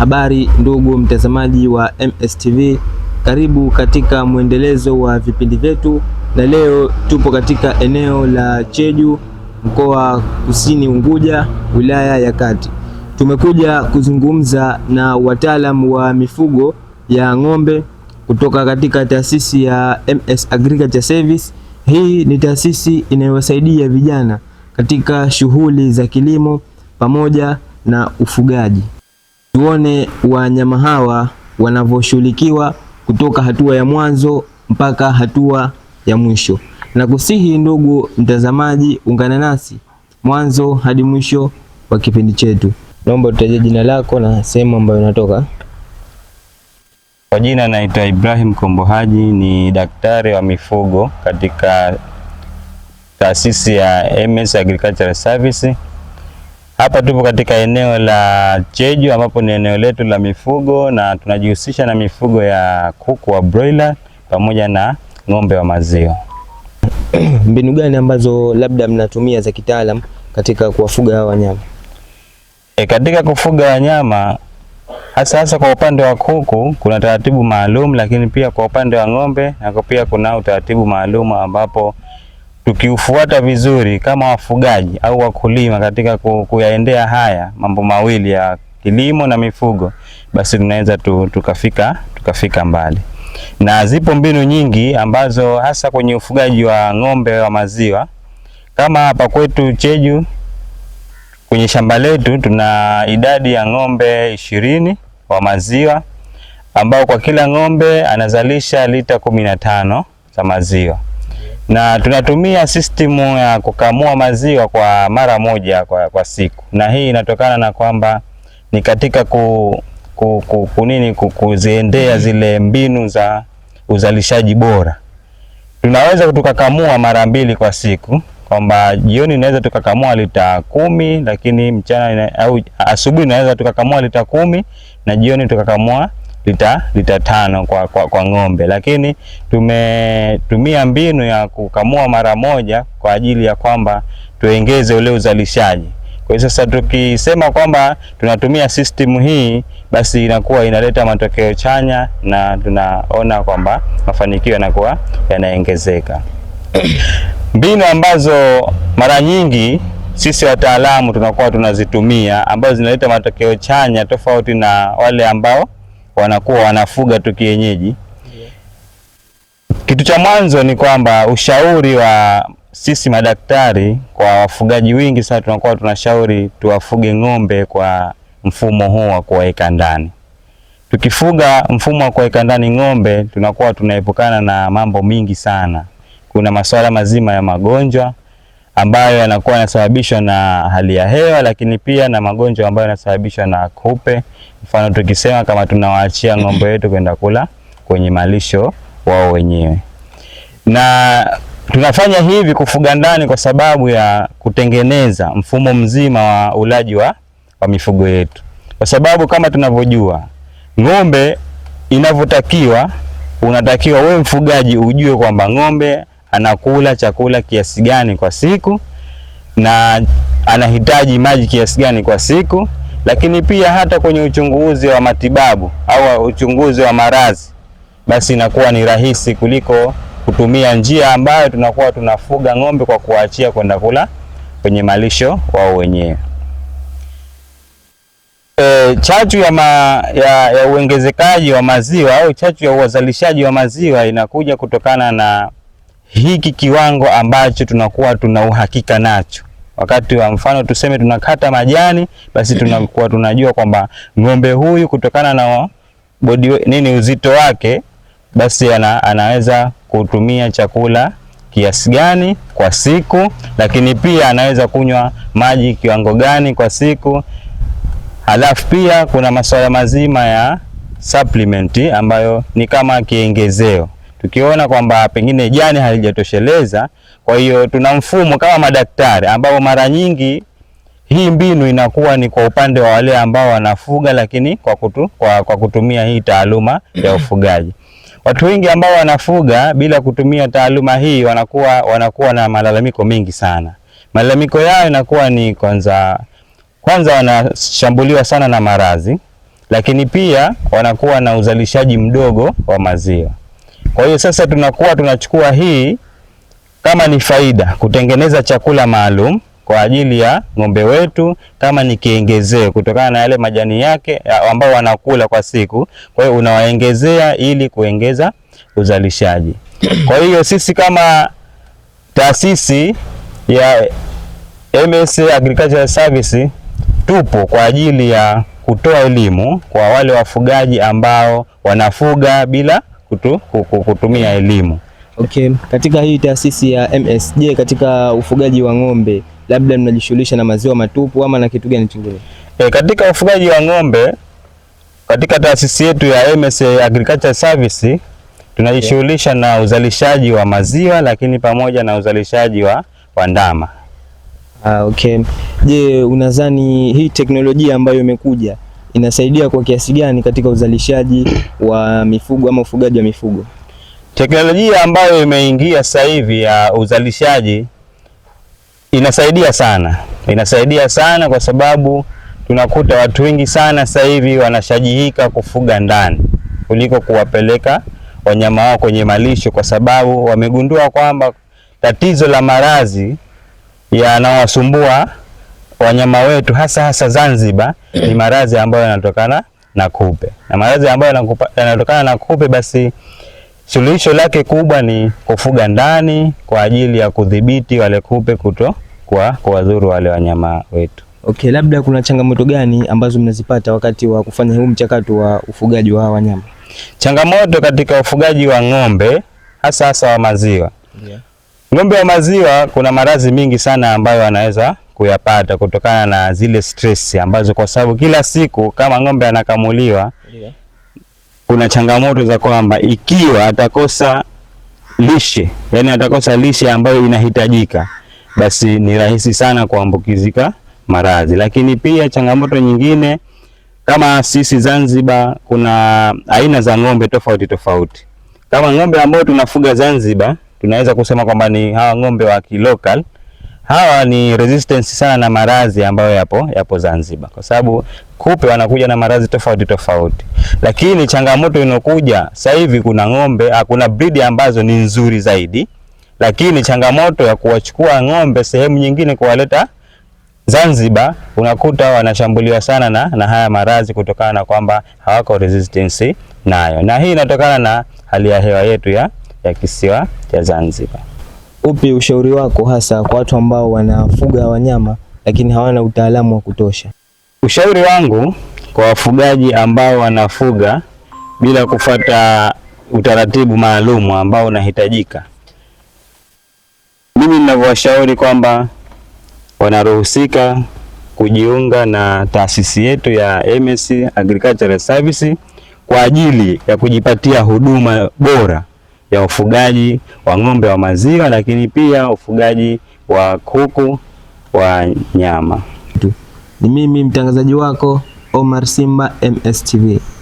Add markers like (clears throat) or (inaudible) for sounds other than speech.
Habari ndugu mtazamaji wa MSTV, karibu katika mwendelezo wa vipindi vyetu, na leo tupo katika eneo la Cheju, mkoa Kusini Unguja, wilaya ya Kati. Tumekuja kuzungumza na wataalamu wa mifugo ya ng'ombe kutoka katika taasisi ya MS Agriculture Service. Hii ni taasisi inayowasaidia vijana katika shughuli za kilimo pamoja na ufugaji. Tuone wanyama hawa wanavyoshughulikiwa kutoka hatua ya mwanzo mpaka hatua ya mwisho. na kusihi ndugu mtazamaji, ungana nasi mwanzo hadi mwisho wa kipindi chetu. Naomba utaje jina lako na sehemu ambayo unatoka. Kwa jina naitwa Ibrahim Kombohaji, ni daktari wa mifugo katika taasisi ya MS Agricultural Service. Hapa tupo katika eneo la Cheju ambapo ni eneo letu la mifugo na tunajihusisha na mifugo ya kuku wa broiler pamoja na ng'ombe wa maziwa. (clears throat) Mbinu gani ambazo labda mnatumia za kitaalam katika kuwafuga hawa wanyama? E, katika kufuga wanyama hasa hasa kwa upande wa kuku kuna taratibu maalum, lakini pia kwa upande wa ng'ombe nako pia kuna utaratibu maalum ambapo tukiufuata vizuri kama wafugaji au wakulima katika kuyaendea haya mambo mawili ya kilimo na mifugo, basi tunaweza tukafika tukafika mbali. Na zipo mbinu nyingi ambazo hasa kwenye ufugaji wa ng'ombe wa maziwa kama hapa kwetu Cheju kwenye shamba letu tuna idadi ya ng'ombe ishirini wa maziwa ambao kwa kila ng'ombe anazalisha lita kumi na tano za maziwa na tunatumia sistimu ya kukamua maziwa kwa mara moja kwa, kwa siku, na hii inatokana na kwamba ni katika ku, ku, ku, kunini kuziendea mm-hmm. zile mbinu za uzalishaji bora. Tunaweza tukakamua mara mbili kwa siku, kwamba jioni inaweza tukakamua lita kumi, lakini mchana ina, au asubuhi inaweza tukakamua lita kumi na jioni tukakamua lita, lita tano kwa, kwa, kwa ng'ombe, lakini tumetumia mbinu ya kukamua mara moja kwa ajili ya kwamba tuongeze ule uzalishaji. Kwa hiyo sasa tukisema kwamba tunatumia system hii, basi inakuwa inaleta matokeo chanya na tunaona kwamba mafanikio yanakuwa yanaongezeka. (clears throat) Mbinu ambazo mara nyingi sisi wataalamu tunakuwa tunazitumia ambazo zinaleta matokeo chanya tofauti na wale ambao wanakuwa wanafuga tu kienyeji. Kitu cha mwanzo ni kwamba ushauri wa sisi madaktari kwa wafugaji wingi sana, tunakuwa tunashauri tuwafuge ng'ombe kwa mfumo huu wa kuwaweka ndani. Tukifuga mfumo wa kuwaweka ndani ng'ombe, tunakuwa tunaepukana na mambo mingi sana. Kuna masuala mazima ya magonjwa ambayo yanakuwa yanasababishwa na hali ya hewa, lakini pia na magonjwa ambayo yanasababishwa na kupe. Mfano tukisema kama tunawaachia ng'ombe wetu kwenda kula kwenye malisho wao wenyewe, na tunafanya hivi kufuga ndani kwa sababu ya kutengeneza mfumo mzima wa ulaji wa, wa mifugo yetu, kwa sababu kama tunavyojua ng'ombe inavyotakiwa unatakiwa wewe mfugaji ujue kwamba ng'ombe anakula chakula kiasi gani kwa siku na anahitaji maji kiasi gani kwa siku, lakini pia hata kwenye uchunguzi wa matibabu au uchunguzi wa maradhi, basi inakuwa ni rahisi kuliko kutumia njia ambayo tunakuwa tunafuga ng'ombe kwa kuachia kwenda kula kwenye malisho wao wenyewe. E, chachu ya, ma, ya, ya uongezekaji wa maziwa au chachu ya uzalishaji wa maziwa inakuja kutokana na hiki kiwango ambacho tunakuwa tuna uhakika nacho wakati wa mfano tuseme tunakata majani, basi tunakuwa tunajua kwamba ng'ombe huyu kutokana na bodi nini uzito wake, basi ana, anaweza kutumia chakula kiasi gani kwa siku, lakini pia anaweza kunywa maji kiwango gani kwa siku. Halafu pia kuna masuala mazima ya supplement ambayo ni kama kiengezeo tukiona kwamba pengine jani halijatosheleza. Kwa hiyo tuna mfumo kama madaktari, ambao mara nyingi hii mbinu inakuwa ni kwa upande wa wale ambao wanafuga, lakini kwa, kutu, kwa, kwa kutumia hii taaluma ya ufugaji. Watu wengi ambao wanafuga bila kutumia taaluma hii wanakuwa, wanakuwa na malalamiko mengi sana. Malalamiko yao inakuwa ni kwanza, kwanza wanashambuliwa sana na maradhi, lakini pia wanakuwa na uzalishaji mdogo wa maziwa. Kwa hiyo sasa tunakuwa tunachukua hii kama ni faida, kutengeneza chakula maalum kwa ajili ya ng'ombe wetu, kama ni kiongezeo kutokana na yale majani yake ambao wanakula kwa siku. Kwa hiyo unawaongezea ili kuongeza uzalishaji. Kwa hiyo sisi kama taasisi ya MSA Agricultural Service tupo kwa ajili ya kutoa elimu kwa wale wafugaji ambao wanafuga bila kutu, kutumia elimu. Okay, katika hii taasisi ya MS, je, katika ufugaji wa ng'ombe labda mnajishughulisha na maziwa matupu ama na kitu gani kingine? E, katika ufugaji wa ng'ombe katika taasisi yetu ya MS Agriculture Service tunajishughulisha okay, na uzalishaji wa maziwa lakini pamoja na uzalishaji wa, wa ndama. Ah, okay. Je, unadhani hii teknolojia ambayo imekuja inasaidia kwa kiasi gani katika uzalishaji wa mifugo ama ufugaji wa mifugo? Teknolojia ambayo imeingia sasa hivi ya uzalishaji inasaidia sana, inasaidia sana kwa sababu tunakuta watu wengi sana sasa hivi wanashajihika kufuga ndani kuliko kuwapeleka wanyama wao kwenye malisho, kwa sababu wamegundua kwamba tatizo la maradhi yanawasumbua wanyama wetu hasa hasa Zanzibar (clears throat) ni maradhi ambayo yanatokana na kupe, na maradhi ambayo yanatokana na kupe, basi suluhisho lake kubwa ni kufuga ndani kwa ajili ya kudhibiti wale kupe kuto kwa kuwadhuru wale wanyama wetu. Okay, labda kuna changamoto gani ambazo mnazipata wakati wa kufanya huu mchakato wa ufugaji wa wanyama? Changamoto katika ufugaji wa ng'ombe hasa hasa wa maziwa yeah. Ng'ombe wa maziwa kuna maradhi mingi sana ambayo wanaweza kuyapata kutokana na zile stress ambazo, kwa sababu kila siku kama ng'ombe anakamuliwa, yeah, kuna changamoto za kwamba ikiwa atakosa lishe, yani atakosa lishe ambayo inahitajika, basi ni rahisi sana kuambukizika maradhi. Lakini pia changamoto nyingine kama sisi Zanzibar kuna aina za ng'ombe tofauti tofauti. Kama ng'ombe ambao tunafuga Zanzibar tunaweza kusema kwamba ni hawa ng'ombe wa kilokal, yeah hawa ni resistance sana na maradhi ambayo yapo yapo Zanzibar, kwa sababu kupe wanakuja na maradhi tofauti tofauti, lakini changamoto inokuja sasa hivi, kuna ng'ombe kuna breed ambazo ni nzuri zaidi, lakini changamoto ya kuwachukua ng'ombe sehemu nyingine kuwaleta Zanzibar unakuta wanashambuliwa sana na, na haya maradhi kutokana na kwamba hawako resistance nayo, na hii inatokana na hali ya hewa yetu ya, ya kisiwa cha Zanzibar upi ushauri wako hasa kwa watu ambao wanafuga wanyama lakini hawana utaalamu wa kutosha? Ushauri wangu kwa wafugaji ambao wanafuga bila kufata utaratibu maalum ambao unahitajika, mimi ninavyowashauri kwamba wanaruhusika kujiunga na taasisi yetu ya MS Agricultural Service kwa ajili ya kujipatia huduma bora ya ufugaji wa ng'ombe wa maziwa, lakini pia ufugaji wa kuku wa nyama. Ni mimi mtangazaji wako Omar Simba, MSTV.